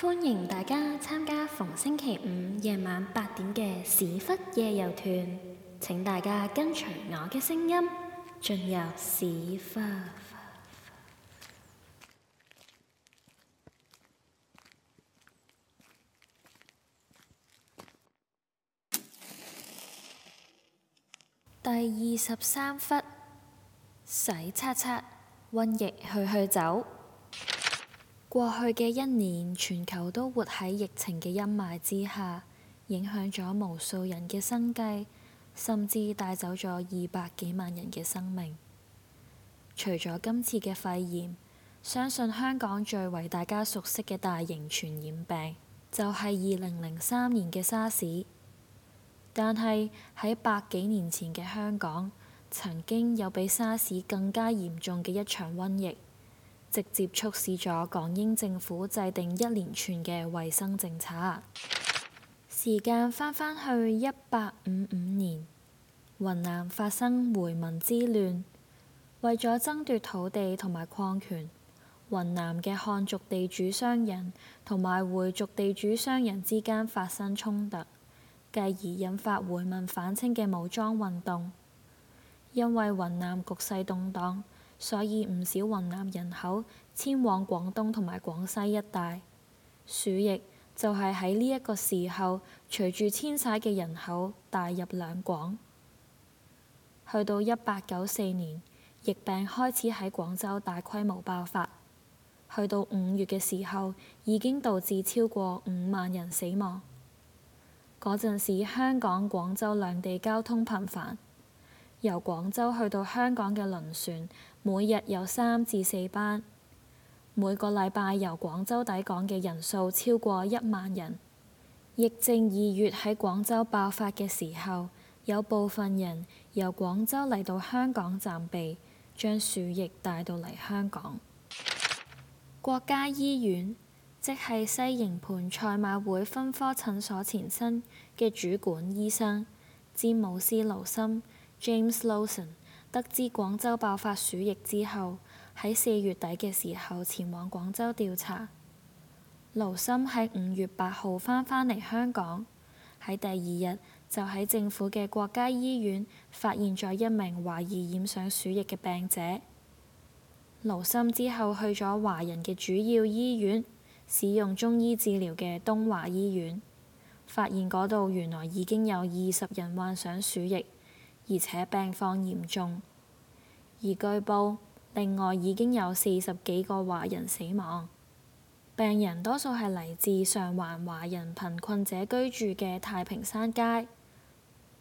歡迎大家參加逢星期五夜晚八點嘅屎忽夜遊團。請大家跟隨我嘅聲音進入屎忽。第二十三忽，洗刷刷，瘟疫去去走。過去嘅一年，全球都活喺疫情嘅陰霾之下，影響咗無數人嘅生計，甚至帶走咗二百幾萬人嘅生命。除咗今次嘅肺炎，相信香港最為大家熟悉嘅大型傳染病，就係二零零三年嘅沙士。但係喺百幾年前嘅香港，曾經有比沙士更加嚴重嘅一場瘟疫。直接促使咗港英政府制定一連串嘅衛生政策。時間翻返去一八五五年，雲南發生回民之亂，為咗爭奪土地同埋礦權，雲南嘅漢族地主商人同埋回族地主商人之間發生衝突，繼而引發回民反清嘅武裝運動，因為雲南局勢動盪。所以唔少雲南人口遷往廣東同埋廣西一帶，鼠疫就係喺呢一個時候，隨住遷徙嘅人口帶入兩廣。去到一八九四年，疫病開始喺廣州大規模爆發。去到五月嘅時候，已經導致超過五萬人死亡。嗰陣時香港、廣州兩地交通頻繁，由廣州去到香港嘅輪船。每日有三至四班，每個禮拜由廣州抵港嘅人數超過一萬人。疫症二月喺廣州爆發嘅時候，有部分人由廣州嚟到香港暫避，將鼠疫帶到嚟香港。國家醫院，即係西營盤賽馬會分科診所前身嘅主管醫生詹姆斯·勞森 （James Lawson），得知廣州爆發鼠疫之後，喺四月底嘅時候前往廣州調查。盧森喺五月八號翻返嚟香港，喺第二日就喺政府嘅國家醫院發現咗一名懷疑染上鼠疫嘅病者。盧森之後去咗華人嘅主要醫院——使用中醫治療嘅東華醫院，發現嗰度原來已經有二十人患上鼠疫。而且病況嚴重，而據報另外已經有四十幾個華人死亡，病人多數係嚟自上環華人貧困者居住嘅太平山街。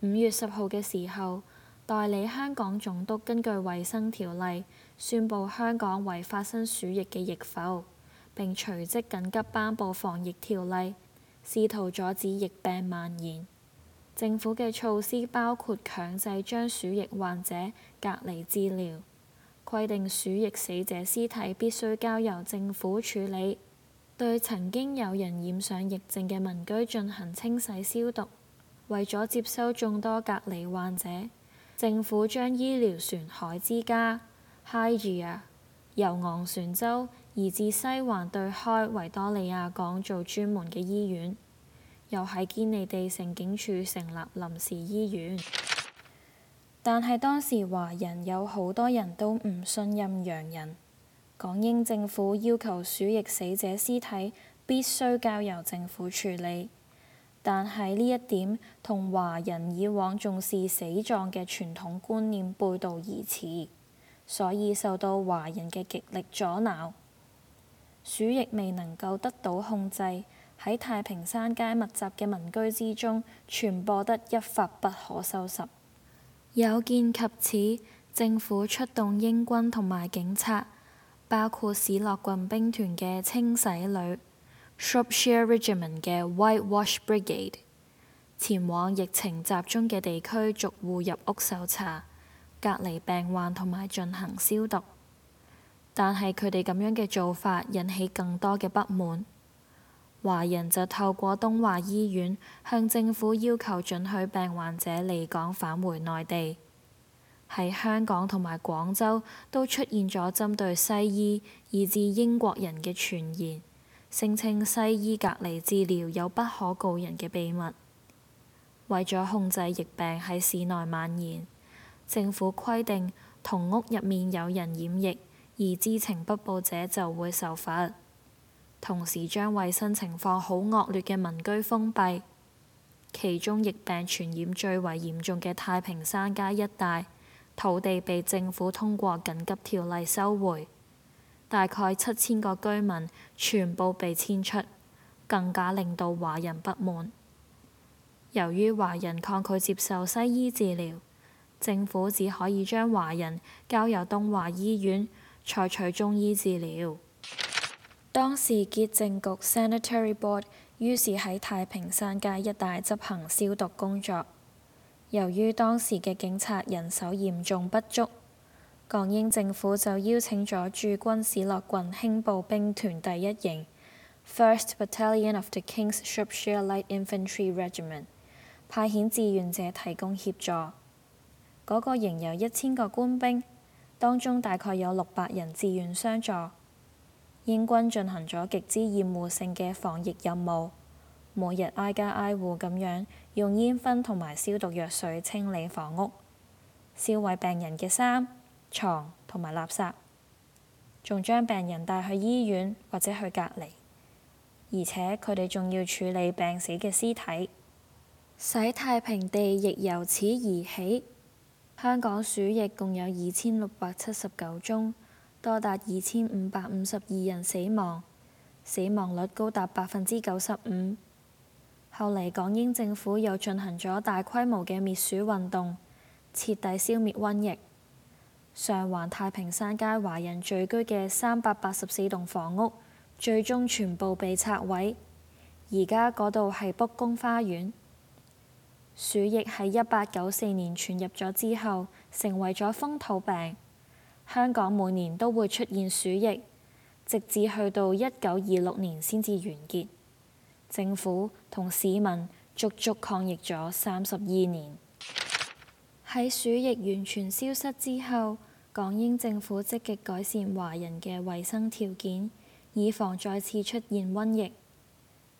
五月十號嘅時候，代理香港總督根據衛生條例宣佈香港為發生鼠疫嘅疫埠，並隨即緊急頒布防疫條例，試圖阻止疫病蔓延。政府嘅措施包括強制將鼠疫患者隔離治療，規定鼠疫死者屍體必須交由政府處理，對曾經有人染上疫症嘅民居進行清洗消毒。為咗接收眾多隔離患者，政府將醫療船海之家、Hygeia、由昂船洲移至西環對開維多利亞港做專門嘅醫院。又喺堅尼地城警署成立臨時醫院，但係當時華人有好多人都唔信任洋人，港英政府要求鼠疫死者屍體必須交由政府處理，但係呢一點同華人以往重視死葬嘅傳統觀念背道而馳，所以受到華人嘅極力阻撓，鼠疫未能夠得到控制。喺太平山街密集嘅民居之中，傳播得一發不可收拾。有見及此，政府出動英軍同埋警察，包括史諾郡兵團嘅清洗女 s h r o p s h i r e Regiment） 嘅 White Wash Brigade，前往疫情集中嘅地區逐戶入屋搜查、隔離病患同埋進行消毒。但係佢哋咁樣嘅做法，引起更多嘅不滿。華人就透過東華醫院向政府要求准許病患者離港返回內地。喺香港同埋廣州都出現咗針對西醫以至英國人嘅傳言，聲稱西醫隔離治療有不可告人嘅秘密。為咗控制疫病喺市內蔓延，政府規定同屋入面有人染疫而知情不報者就會受罰。同時將衛生情況好惡劣嘅民居封閉，其中疫病傳染最為嚴重嘅太平山街一帶，土地被政府通過緊急條例收回，大概七千個居民全部被遷出，更加令到華人不滿。由於華人抗拒接受西醫治療，政府只可以將華人交由東華醫院採取中醫治療。當時潔淨局 （Sanitary Board） 於是喺太平山街一帶執行消毒工作。由於當時嘅警察人手嚴重不足，港英政府就邀請咗駐軍史樂郡輕步兵團第一營 （First Battalion of the King's Shropshire Light Infantry Regiment） 派遣志願者提供協助。嗰、那個營有一千個官兵，當中大概有六百人志願相助。英軍進行咗極之厭惡性嘅防疫任務，每日挨家挨戶咁樣用煙熏同埋消毒藥水清理房屋，燒毀病人嘅衫、床同埋垃圾，仲將病人帶去醫院或者去隔離，而且佢哋仲要處理病死嘅屍體，洗太平地亦由此而起。香港鼠疫共有二千六百七十九宗。多達二千五百五十二人死亡，死亡率高達百分之九十五。後嚟港英政府又進行咗大規模嘅滅鼠運動，徹底消滅瘟疫。上環太平山街華人聚居嘅三百八十四棟房屋，最終全部被拆毀。而家嗰度係卜公花園。鼠疫喺一八九四年傳入咗之後，成為咗風土病。香港每年都會出現鼠疫，直至去到一九二六年先至完結。政府同市民足足抗疫咗三十二年。喺 鼠疫完全消失之後，港英政府積極改善華人嘅衛生條件，以防再次出現瘟疫。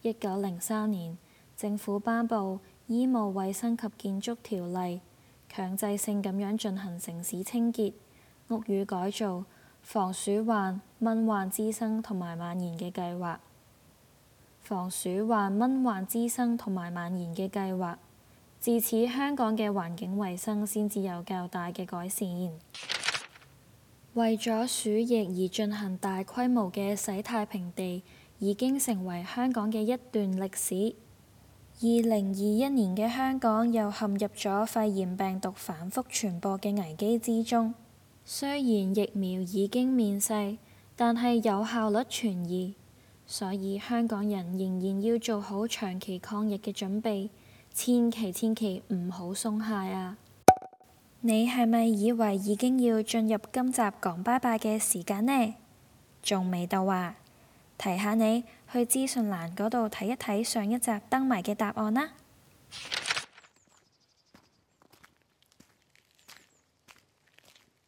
一九零三年，政府頒布《醫務衛生及建築條例》，強制性咁樣進行城市清潔。屋宇改造防、防鼠患、蚊患滋生同埋蔓延嘅計劃，防鼠患、蚊患滋生同埋蔓延嘅計劃，自此香港嘅環境衛生先至有較大嘅改善。為咗鼠疫而進行大規模嘅洗太平地，已經成為香港嘅一段歷史。二零二一年嘅香港又陷入咗肺炎病毒反覆傳播嘅危機之中。雖然疫苗已經面世，但係有效率存疑，所以香港人仍然要做好長期抗疫嘅準備，千祈千祈唔好鬆懈啊！你係咪以為已經要進入今集講拜拜嘅時間呢？仲未到啊！提下你去資訊欄嗰度睇一睇上一集燈謎嘅答案啦、啊、～